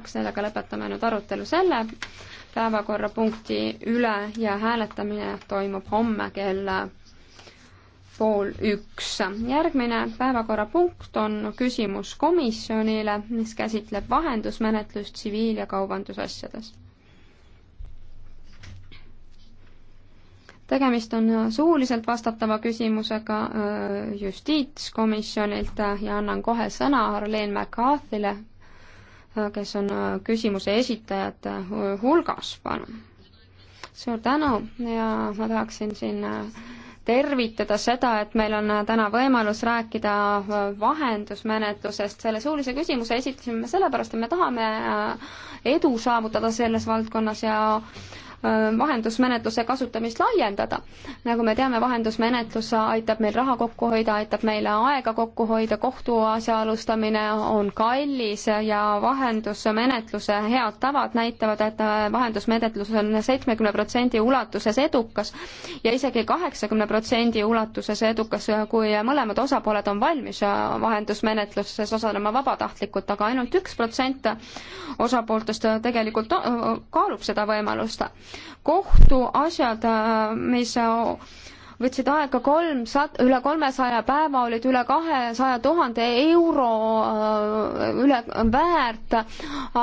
kaks, sellega lõpetame nüüd arutelu selle päevakorrapunkti üle ja hääletamine toimub homme kell pool üks. järgmine päevakorrapunkt on küsimus komisjonile, mis käsitleb vahendusmenetlust tsiviil- ja kaubandusasjades. tegemist on suuliselt vastatava küsimusega äh, justiitskomisjonilt ja annan kohe sõna Arlen McCarthy'le kes on äh, küsimuse esitajate äh, hulgas, palun. suur tänu ja ma tahaksin siin äh, tervitada seda, et meil on täna võimalus rääkida vahendusmenetlusest. selle suulise küsimuse esitasime sellepärast, et me tahame edu saavutada selles valdkonnas ja Äh, vahendusmenetluse kasutamist laiendada. nagu me teame, vahendusmenetlus aitab meil raha kokku hoida, aitab meile aega kokku hoida, kohtuasja alustamine on kallis ja vahendusmenetluse head tavad näitavad, et äh, vahendusmenetlus on seitsmekümne protsendi ulatuses edukas ja isegi kaheksakümne protsendi ulatuses edukas, kui mõlemad osapooled on valmis äh, vahendusmenetluses osalema vabatahtlikult, aga ainult üks protsent osapooltest tegelikult kaalub seda võimalust kohtuasjad, äh, mis äh, võtsid aega kolmsada, üle kolmesaja päeva, olid üle kahesaja tuhande euro äh, üle väärt,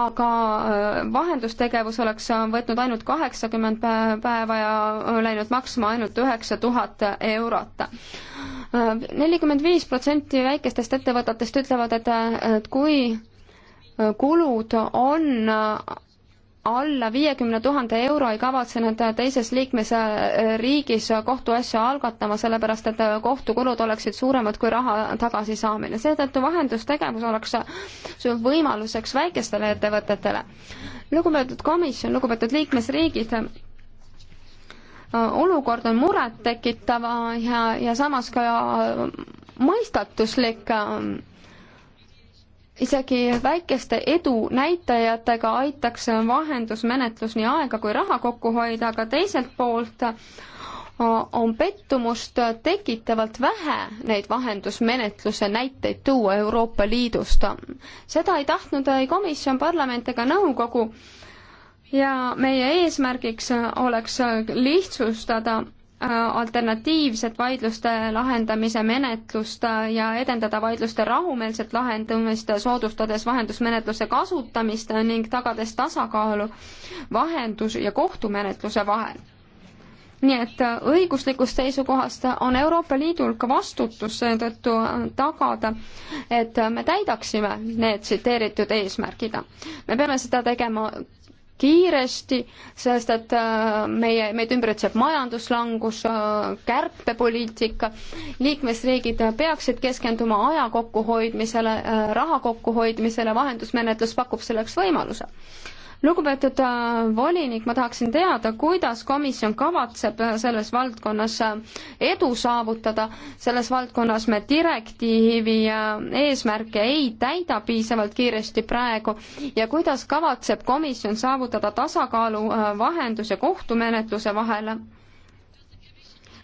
aga vahendustegevus oleks võtnud ainult kaheksakümmend päeva ja läinud maksma ainult üheksa tuhat eurot nelikümmend viis protsenti väikestest ettevõtetest ütlevad, et, et kui kulud on alla viiekümne tuhande euro ei kavatse nad teises liikmesriigis kohtuasja algatama, sellepärast et kohtukulud oleksid suuremad kui raha tagasisaamine. seetõttu vahendustegevus oleks võimaluseks väikestele ettevõtetele. lugupeetud komisjon, lugupeetud liikmesriigid, olukord on murettekitav ja, ja samas ka mõistatuslik isegi väikeste edunäitajatega aitaks vahendusmenetlus nii aega kui raha kokku hoida, aga teiselt poolt äh, on pettumust tekitavalt vähe neid vahendusmenetluse näiteid tuua Euroopa Liidust. seda ei tahtnud ei komisjon, parlament ega nõukogu ja meie eesmärgiks oleks lihtsustada Äh, alternatiivset vaidluste lahendamise menetlust äh, ja edendada vaidluste rahumeelset lahendamist, soodustades vahendusmenetluse kasutamist ning tagades tasakaalu vahendus- ja kohtumenetluse vahel. nii et äh, õiguslikust seisukohast on Euroopa Liidul ka vastutus seetõttu tagada, et me täidaksime need tsiteeritud eesmärgid. me peame seda tegema kiiresti, sest et äh, meie, meid ümbritseb majanduslangus, äh, kärpepoliitika, liikmesriigid peaksid keskenduma aja kokkuhoidmisele, äh, raha kokkuhoidmisele, vahendusmenetlus pakub selleks võimaluse lugupeetud äh, volinik, ma tahaksin teada, kuidas komisjon kavatseb äh, selles valdkonnas äh, edu saavutada. selles valdkonnas me direktiivi eesmärke ei täida piisavalt kiiresti praegu ja kuidas kavatseb komisjon saavutada tasakaalu vahendus- ja kohtumenetluse vahel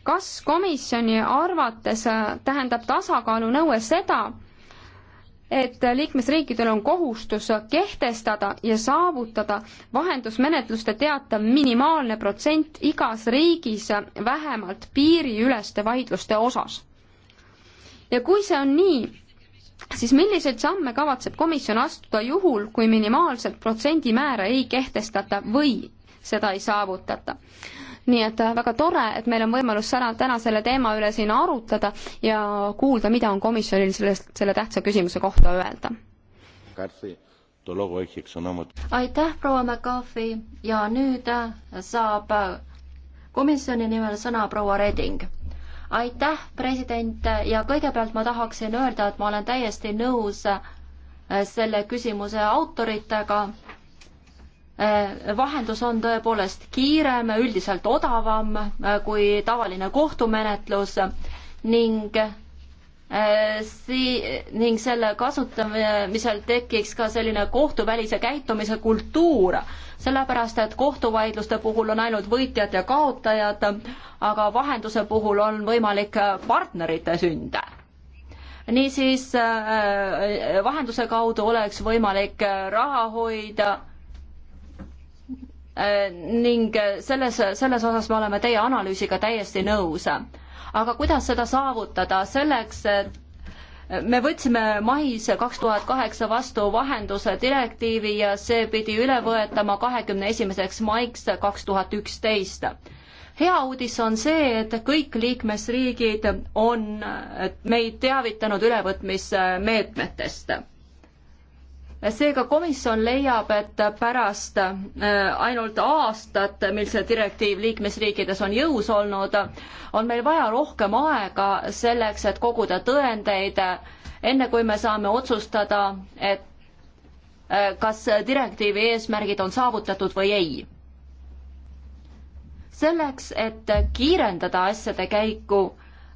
kas komisjoni arvates tähendab tasakaalunõue seda, et liikmesriikidel on kohustus kehtestada ja saavutada vahendusmenetluste teatav minimaalne protsent igas riigis vähemalt piiriüleste vaidluste osas. ja kui see on nii, siis milliseid samme kavatseb komisjon astuda juhul, kui minimaalset protsendimäära ei kehtestata või seda ei saavutata? nii et äh, väga tore, et meil on võimalus täna, täna selle teema üle siin arutada ja kuulda, mida on komisjonil sellest, selle tähtsa küsimuse kohta öelda. aitäh, proua McCarthy ja nüüd äh, saab äh, komisjoni nimel sõna proua Reding aitäh, president, ja kõigepealt ma tahaksin öelda, et ma olen täiesti nõus selle küsimuse autoritega Äh, vahendus on tõepoolest kiirem, üldiselt odavam äh, kui tavaline kohtumenetlus ning äh, sii-, ning selle kasutamisel tekiks ka selline kohtuvälise käitumise kultuur, sellepärast et kohtuvaidluste puhul on ainult võitjad ja kaotajad, aga vahenduse puhul on võimalik partnerite sünde. niisiis vahenduse kaudu oleks võimalik raha hoida Äh, ning äh, selles, selles osas me oleme teie analüüsiga täiesti nõus. aga kuidas seda saavutada, selleks me võtsime mais kaks tuhat kaheksa vastu vahenduse direktiivi ja see pidi üle võetama kahekümne esimeseks maiks kaks tuhat üksteist. hea uudis on see, et kõik liikmesriigid on meid teavitanud ülevõtmismeetmetest seega komisjon leiab, et pärast äh, ainult aastat, mil see direktiiv liikmesriikides on jõus olnud, on meil vaja rohkem aega selleks, et koguda tõendeid, enne kui me saame otsustada, et äh, kas direktiivi eesmärgid on saavutatud või ei. selleks, et kiirendada asjade käiku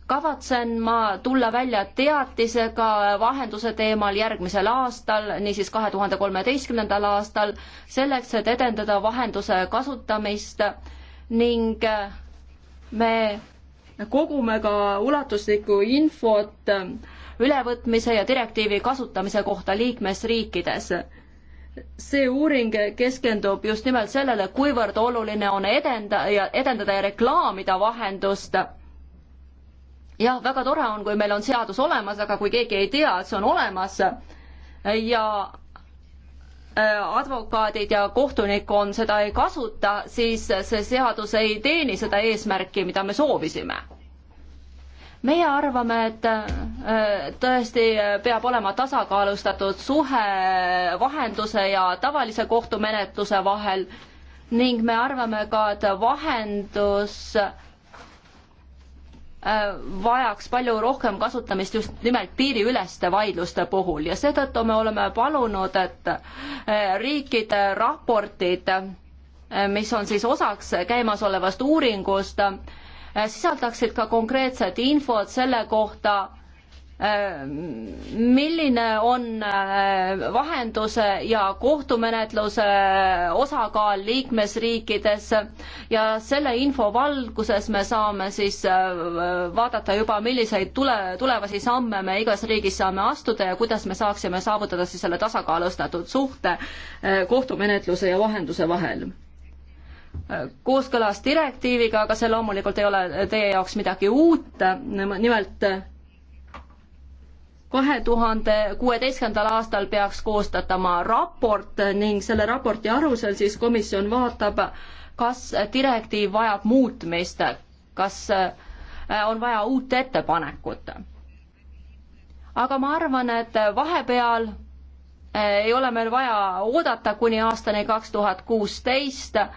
kavatsen ma tulla välja teatisega vahenduse teemal järgmisel aastal, niisiis kahe tuhande kolmeteistkümnendal aastal, selleks, et edendada vahenduse kasutamist ning me kogume ka ulatuslikku infot ülevõtmise ja direktiivi kasutamise kohta liikmesriikides see uuring keskendub just nimelt sellele, kuivõrd oluline on edenda ja edendada ja reklaamida vahendust jah, väga tore on, kui meil on seadus olemas, aga kui keegi ei tea, et see on olemas ja äh, advokaadid ja kohtunik on seda ei kasuta, siis see seadus ei teeni seda eesmärki, mida me soovisime meie arvame, et äh, tõesti peab olema tasakaalustatud suhe vahenduse ja tavalise kohtumenetluse vahel ning me arvame ka, et vahendus äh, Äh, vajaks palju rohkem kasutamist just nimelt piiriüleste vaidluste puhul ja seetõttu me oleme palunud, et äh, riikide raportid, äh, mis on siis osaks käimasolevast uuringust, sisaldaksid ka konkreetset infot selle kohta, milline on äh, vahenduse ja kohtumenetluse äh, osakaal liikmesriikides ja selle info valguses me saame siis äh, vaadata juba, milliseid tule, tulevasi samme me igas riigis saame astuda ja kuidas me saaksime saavutada siis selle tasakaalustatud suhte kohtumenetluse ja vahenduse vahel kooskõlas direktiiviga, aga see loomulikult ei ole teie jaoks midagi uut, nimelt kahe tuhande kuueteistkümnendal aastal peaks koostatama raport ning selle raporti alusel siis komisjon vaatab, kas direktiiv vajab muutmist, kas äh, on vaja uut ettepanekut. aga ma arvan, et vahepeal äh, ei ole meil vaja oodata kuni aastani kaks tuhat kuusteist, äh,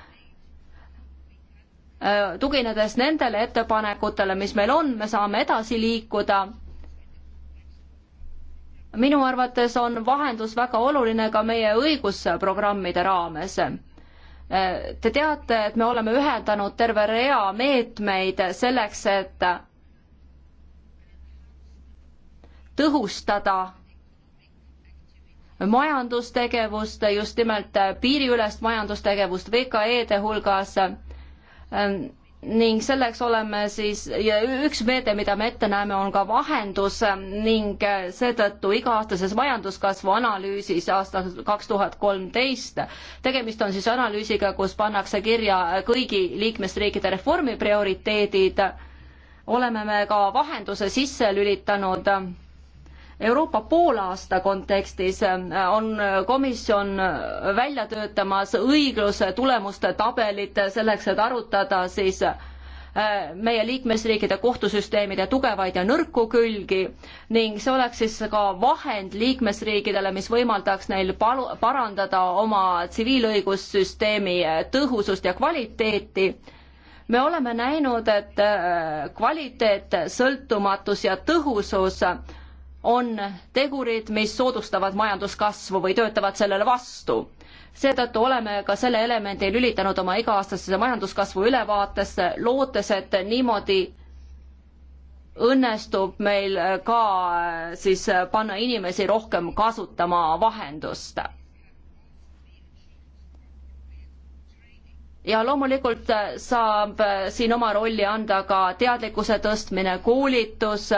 tuginedes nendele ettepanekutele, mis meil on, me saame edasi liikuda minu arvates on vahendus väga oluline ka meie õigusprogrammide raames. Te teate, et me oleme ühendanud terve rea meetmeid selleks, et tõhustada majandustegevust, just nimelt piiriülest majandustegevust VKE-de hulgas ning selleks oleme siis, ja üks meede, mida me ette näeme, on ka vahendus ning seetõttu iga-aastases majanduskasvu analüüsis aastal kaks tuhat kolmteist, tegemist on siis analüüsiga, kus pannakse kirja kõigi liikmesriikide reformi prioriteedid, oleme me ka vahenduse sisse lülitanud Euroopa poolaasta kontekstis äh, on komisjon välja töötamas õigluse tulemuste tabelit selleks, et arutada siis äh, meie liikmesriikide kohtusüsteemide tugevaid ja nõrku külgi ning see oleks siis ka vahend liikmesriikidele, mis võimaldaks neil palu, parandada oma tsiviilõigussüsteemi äh, tõhusust ja kvaliteeti. me oleme näinud, et kvaliteet, sõltumatus ja tõhusus on tegurid, mis soodustavad majanduskasvu või töötavad sellele vastu. seetõttu oleme ka selle elemendi lülitanud oma iga-aastasesse majanduskasvu ülevaatesse, lootes, et niimoodi õnnestub meil ka äh, siis äh, panna inimesi rohkem kasutama vahendust ja loomulikult äh, saab siin oma rolli anda ka teadlikkuse tõstmine, koolitus,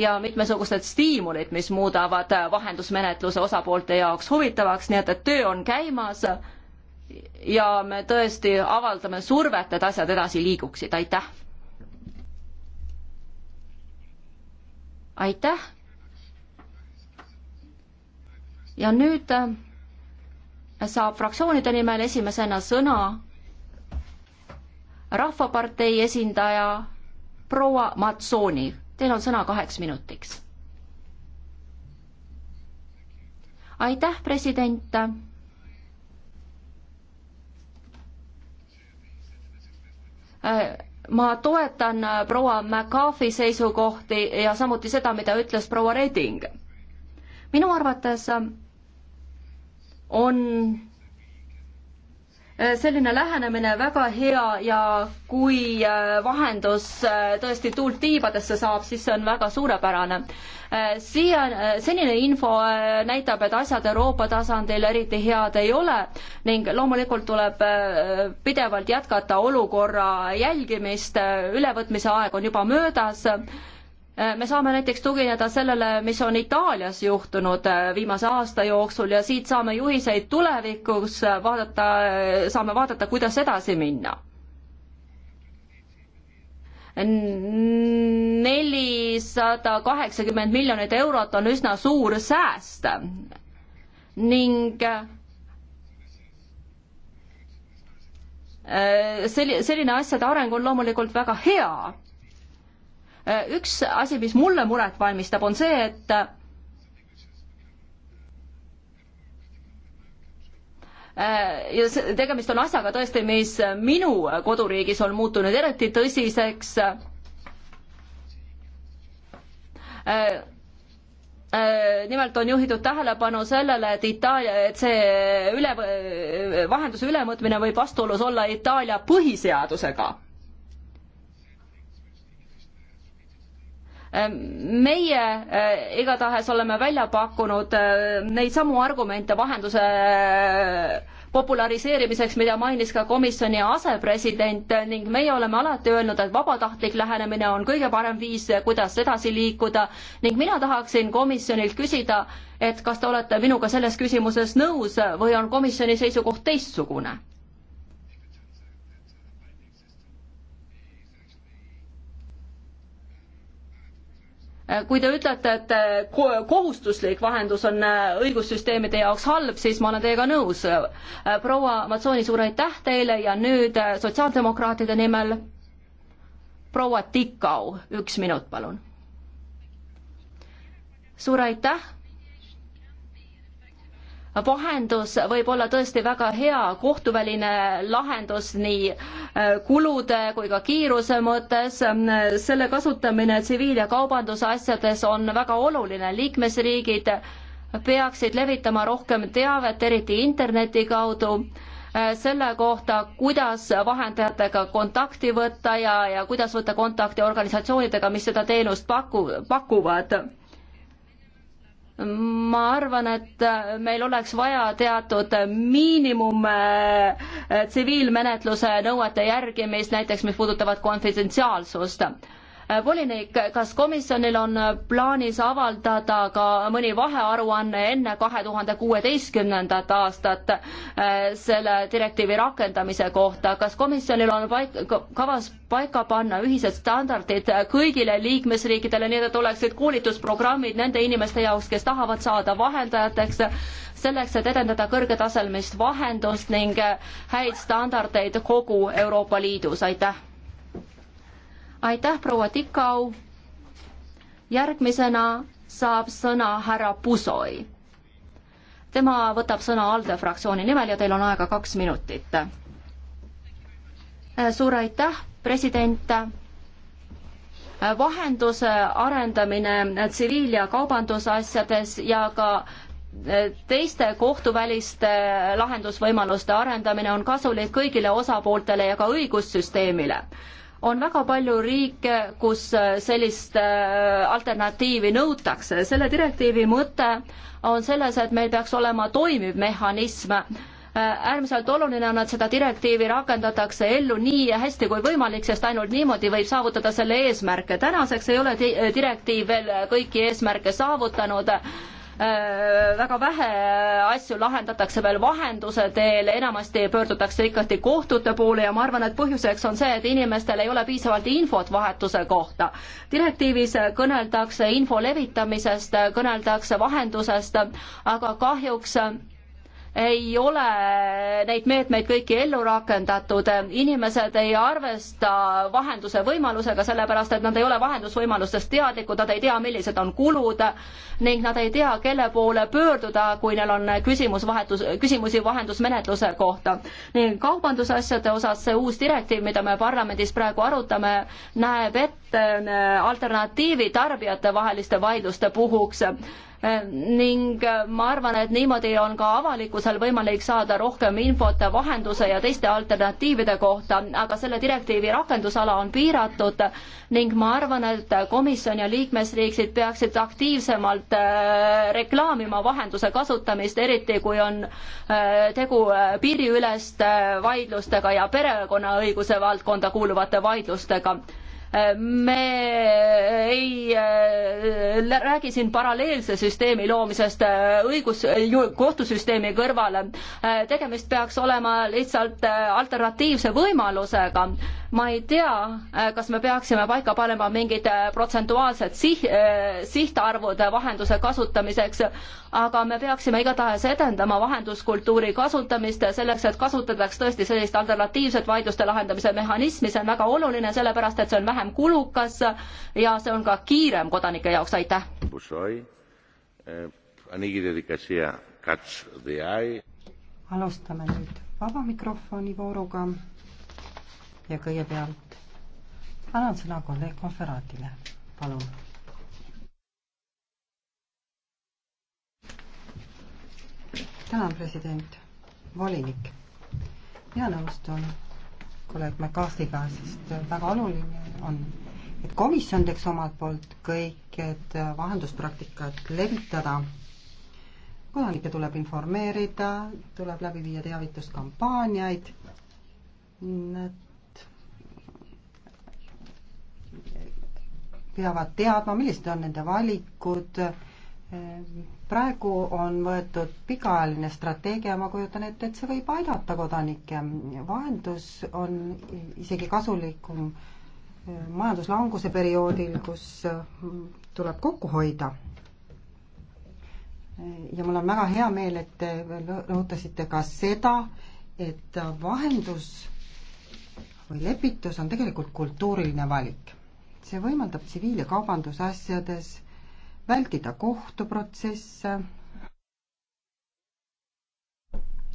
ja mitmesugused stiimulid, mis muudavad äh, vahendusmenetluse osapoolte jaoks huvitavaks, nii et, et töö on käimas ja me tõesti avaldame survet, et asjad edasi liiguksid, aitäh. aitäh. ja nüüd äh, saab fraktsioonide nimel esimesena sõna Rahvapartei esindaja proua Matsooni Teil on sõna kaheks minutiks. aitäh, president. Äh, ma toetan äh, proua McCarthy seisukohti ja samuti seda, mida ütles proua Reding. minu arvates äh, on Äh, selline lähenemine väga hea ja kui äh, vahendus äh, tõesti tuult tiibadesse saab, siis see on väga suurepärane. siia, senine info näitab, et asjad Euroopa tasandil eriti head ei ole ning loomulikult tuleb pidevalt jätkata olukorra jälgimist, ülevõtmise aeg on juba möödas Äh, me saame näiteks tugineda sellele, mis on Itaalias juhtunud äh, viimase aasta jooksul ja siit saame juhiseid tulevikus äh, vaadata, saame vaadata, kuidas edasi minna nelisada kaheksakümmend miljonit eurot on üsna suur sääst ning selli-, selline asjade areng on loomulikult väga hea Äh, üks asi, mis mulle muret valmistab, on see, et äh, ja see, tegemist on asjaga tõesti, mis minu koduriigis on muutunud eriti tõsiseks. Äh, nimelt on juhitud tähelepanu sellele, et Itaalia, et see üle, vahenduse ülevõtmine võib vastuolus olla Itaalia põhiseadusega Ehm, meie eh, igatahes oleme välja pakkunud eh, neid samu argumente vahenduse eh, populariseerimiseks, mida mainis ka komisjoni asepresident ning meie oleme alati öelnud, et vabatahtlik lähenemine on kõige parem viis, kuidas edasi liikuda ning mina tahaksin komisjonilt küsida, et kas te olete minuga selles küsimuses nõus või on komisjoni seisukoht teistsugune? Äh, kui te ütlete, et äh, kohustuslik vahendus on äh, õigussüsteemide jaoks halb, siis ma olen teiega nõus. proua Matsooni, suur aitäh teile ja nüüd sotsiaaldemokraatide nimel proua Tikau, üks minut, palun. suur aitäh vahendus võib olla tõesti väga hea kohtuväline lahendus nii äh, kulude kui ka kiiruse mõttes. selle kasutamine tsiviil- ja kaubandusasjades on väga oluline. liikmesriigid peaksid levitama rohkem teavet, eriti interneti kaudu, äh, selle kohta, kuidas vahendajatega kontakti võtta ja, ja kuidas võtta kontakti organisatsioonidega, mis seda teenust paku, pakuvad ma arvan, et äh, meil oleks vaja teatud miinimum äh, tsiviilmenetluse nõuete järgimist, näiteks mis puudutavad konfidentsiaalsust Äh, volinik, kas komisjonil on äh, plaanis avaldada ka mõni vahearuanne enne kahe tuhande kuueteistkümnendat aastat äh, selle direktiivi rakendamise kohta, kas komisjonil on paik-, kavas paika panna ühised standardid kõigile liikmesriikidele, nii et oleksid koolitusprogrammid nende inimeste jaoks, kes tahavad saada vahendajateks, selleks, et edendada kõrgetasemelist vahendust ning häid standardeid kogu Euroopa Liidus, aitäh! aitäh, proua Tikau. järgmisena saab sõna härra Pusoi. tema võtab sõna ALDE fraktsiooni nimel ja teil on aega kaks minutit. Äh, suur aitäh, president äh, vahenduse arendamine tsiviil- ja kaubandusasjades ja ka äh, teiste kohtuväliste lahendusvõimaluste arendamine on kasulik kõigile osapooltele ja ka õigussüsteemile on väga palju riike, kus äh, sellist äh, alternatiivi nõutakse. selle direktiivi mõte on selles, et meil peaks olema toimiv mehhanism. Äh, äärmiselt oluline on, et seda direktiivi rakendatakse ellu nii hästi kui võimalik, sest ainult niimoodi võib saavutada selle eesmärke. tänaseks ei ole direktiiv veel kõiki eesmärke saavutanud Äh, väga vähe äh, asju lahendatakse veel vahenduse teel, enamasti pöördutakse ikkagi kohtute poole ja ma arvan, et põhjuseks on see, et inimestel ei ole piisavalt infot vahetuse kohta. direktiivis kõneldakse info levitamisest, kõneldakse vahendusest, aga kahjuks äh, ei ole neid meetmeid kõiki ellu rakendatud, inimesed ei arvesta vahenduse võimalusega, sellepärast et nad ei ole vahendusvõimalustest teadlikud, nad ei tea, millised on kulud ning nad ei tea, kelle poole pöörduda, kui neil on küsimus vahetus, küsimusi vahendusmenetluse kohta. ning kaubandusasjade osas see uus direktiiv, mida me parlamendis praegu arutame, näeb ette alternatiivi tarbijatevaheliste vaidluste puhuks Äh, ning äh, ma arvan, et niimoodi on ka avalikkusel võimalik saada rohkem infot vahenduse ja teiste alternatiivide kohta, aga selle direktiivi rakendusala on piiratud ning ma arvan, et komisjon ja liikmesriigid peaksid aktiivsemalt äh, reklaamima vahenduse kasutamist, eriti kui on tegu piiriüleste vaidlustega ja perekonnaõiguse valdkonda kuuluvate vaidlustega me ei äh, räägi siin paralleelse süsteemi loomisest äh, õigus, kohtusüsteemi kõrvale. Äh, tegemist peaks olema lihtsalt alternatiivse võimalusega ma ei tea, äh, kas me peaksime paika panema mingid äh, protsentuaalsed siht, äh, sihtarvud vahenduse kasutamiseks, aga me peaksime igatahes edendama vahenduskultuuri kasutamist selleks, et kasutataks tõesti sellist alternatiivset vaidluste lahendamise mehhanismi, see on väga oluline, sellepärast et see on vähem kulukas ja see on ka kiirem kodanike jaoks, aitäh. Eh, alustame nüüd vaba mikrofoni vooruga ja kõigepealt annan sõna kolleeg Konferaatile, palun. tänan, president, volinik. mina nõustun kolleeg McCarthy'ga, sest väga oluline on, et komisjon teeks omalt poolt kõik, et vahenduspraktikat levitada kodanikke tuleb informeerida, tuleb läbi viia teavituskampaaniaid. Nad peavad teadma, millised on nende valikud. praegu on võetud pikaajaline strateegia, ma kujutan ette, et see võib aidata kodanikke. vahendus on isegi kasulikum majanduslanguse perioodil, kus tuleb kokku hoida. ja mul on väga hea meel, et te rõhutasite ka seda, et vahendus või lepitus on tegelikult kultuuriline valik see võimaldab tsiviil- ja kaubandusasjades vältida kohtuprotsesse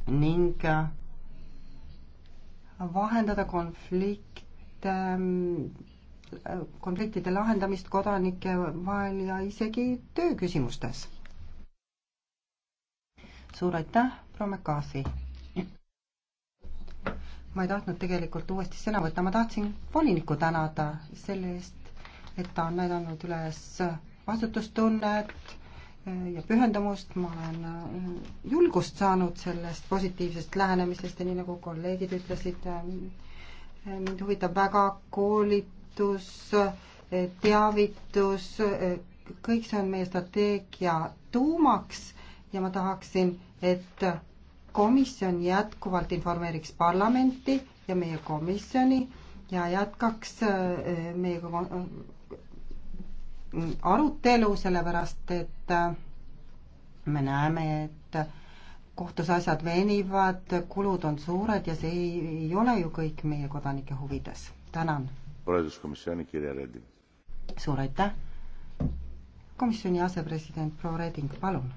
ning äh, vahendada konflikte, ähm, äh, konfliktide lahendamist kodanike vahel ja isegi tööküsimustes. suur aitäh, proua McCarthy! ma ei tahtnud tegelikult uuesti sõna võtta, ma tahtsin volinikku tänada selle eest, et ta on näidanud üles vastutustunnet ja pühendumust, ma olen julgust saanud sellest positiivsest lähenemisest ja nii nagu kolleegid ütlesid, mind huvitab väga koolitus, teavitus, kõik see on meie strateegia tuumaks ja ma tahaksin, et komisjon jätkuvalt informeeriks parlamenti ja meie komisjoni ja jätkaks eh, meiega arutelu, sellepärast et eh, me näeme, et kohtus asjad venivad, kulud on suured ja see ei, ei ole ju kõik meie kodanike huvides. tänan. vahetuskomisjoni kirja Reding. suur aitäh. komisjoni asepresident proua Reding, palun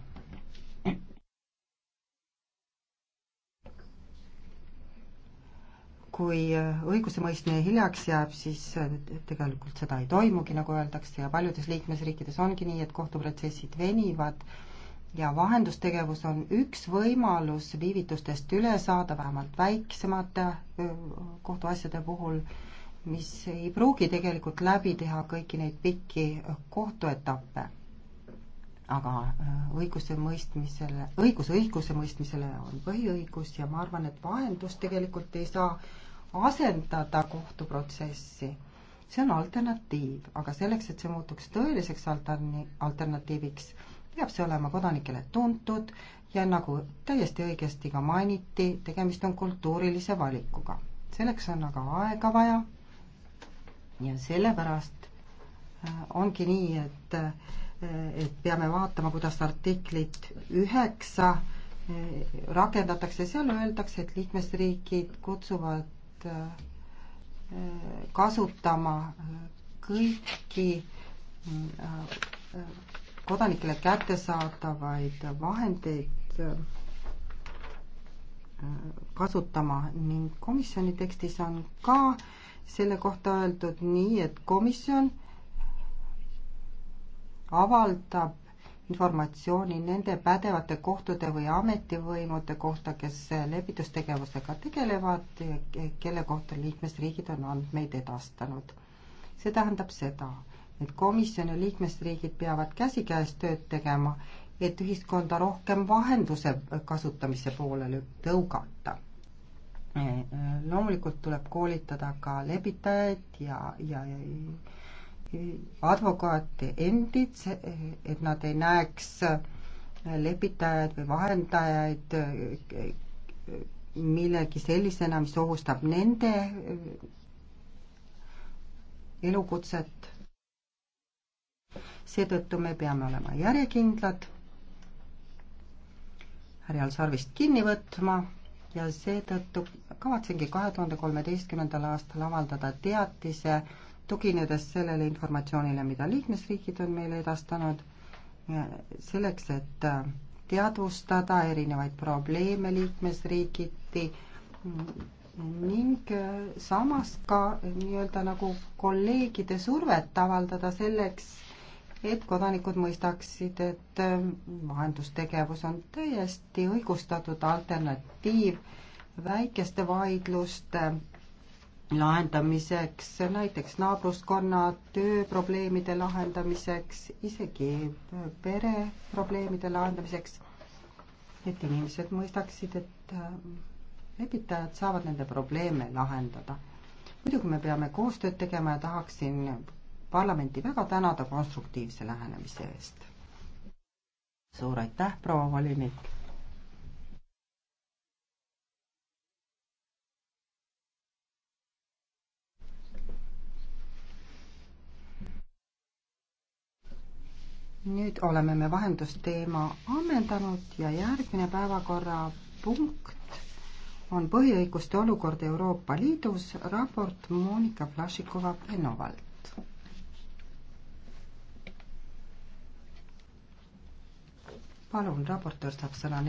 kui äh, õigusemõistmine hiljaks jääb, siis äh, tegelikult seda ei toimugi, nagu öeldakse, ja paljudes liikmesriikides ongi nii, et kohtuprotsessid venivad ja vahendustegevus on üks võimalus viivitustest üle saada, vähemalt väiksemate kohtuasjade puhul, mis ei pruugi tegelikult läbi teha kõiki neid pikki kohtuetappe. aga õigusemõistmisele, õigus õigusemõistmisele on põhiõigus ja ma arvan, et vahendus tegelikult ei saa asendada kohtuprotsessi. see on alternatiiv, aga selleks, et see muutuks tõeliseks alterni-, alternatiiviks, peab see olema kodanikele tuntud ja nagu täiesti õigesti ka mainiti, tegemist on kultuurilise valikuga. selleks on aga aega vaja ja sellepärast äh, ongi nii, et, äh, et peame vaatama, kuidas artiklit üheksa äh, rakendatakse, seal öeldakse, et liikmesriigid kutsuvad Äh, kasutama kõiki äh, kodanikele kättesaadavaid vahendeid äh, kasutama ning komisjoni tekstis on ka selle kohta öeldud nii, et komisjon avaldab informatsiooni nende pädevate kohtade või ametivõimude kohta, kes lepitustegevusega tegelevad, kelle kohta liikmesriigid on andmeid edastanud. see tähendab seda, et komisjon ja liikmesriigid peavad käsikäes tööd tegema, et ühiskonda rohkem vahenduse kasutamise poole tõugata loomulikult tuleb koolitada ka lepitajaid ja, ja, ja advokaate endid, et nad ei näeks lepitajaid või vahendajaid millegi sellisena, mis ohustab nende elukutset. seetõttu me peame olema järjekindlad, härjal sarvist kinni võtma ja seetõttu kavatsengi kahe tuhande kolmeteistkümnendal aastal avaldada teatise tuginedes sellele informatsioonile, mida liikmesriigid on meile edastanud, selleks, et äh, teadvustada erinevaid probleeme liikmesriigiti ning äh, samas ka nii-öelda nagu kolleegide survet avaldada selleks, et kodanikud mõistaksid, et äh, vahendustegevus on täiesti õigustatud alternatiiv väikeste vaidluste lahendamiseks, näiteks naabruskonna tööprobleemide lahendamiseks, isegi pereprobleemide lahendamiseks. et inimesed mõistaksid, et äh, lepitajad saavad nende probleeme lahendada. muidugi me peame koostööd tegema ja tahaksin parlamenti väga tänada konstruktiivse lähenemise eest. suur aitäh, proua volinik nüüd oleme me vahendusteema ammendanud ja järgmine päevakorrapunkt on põhiõiguste olukord Euroopa Liidus, raport Monika Vlašikova-Penovalt. palun, raportöör saab sõna.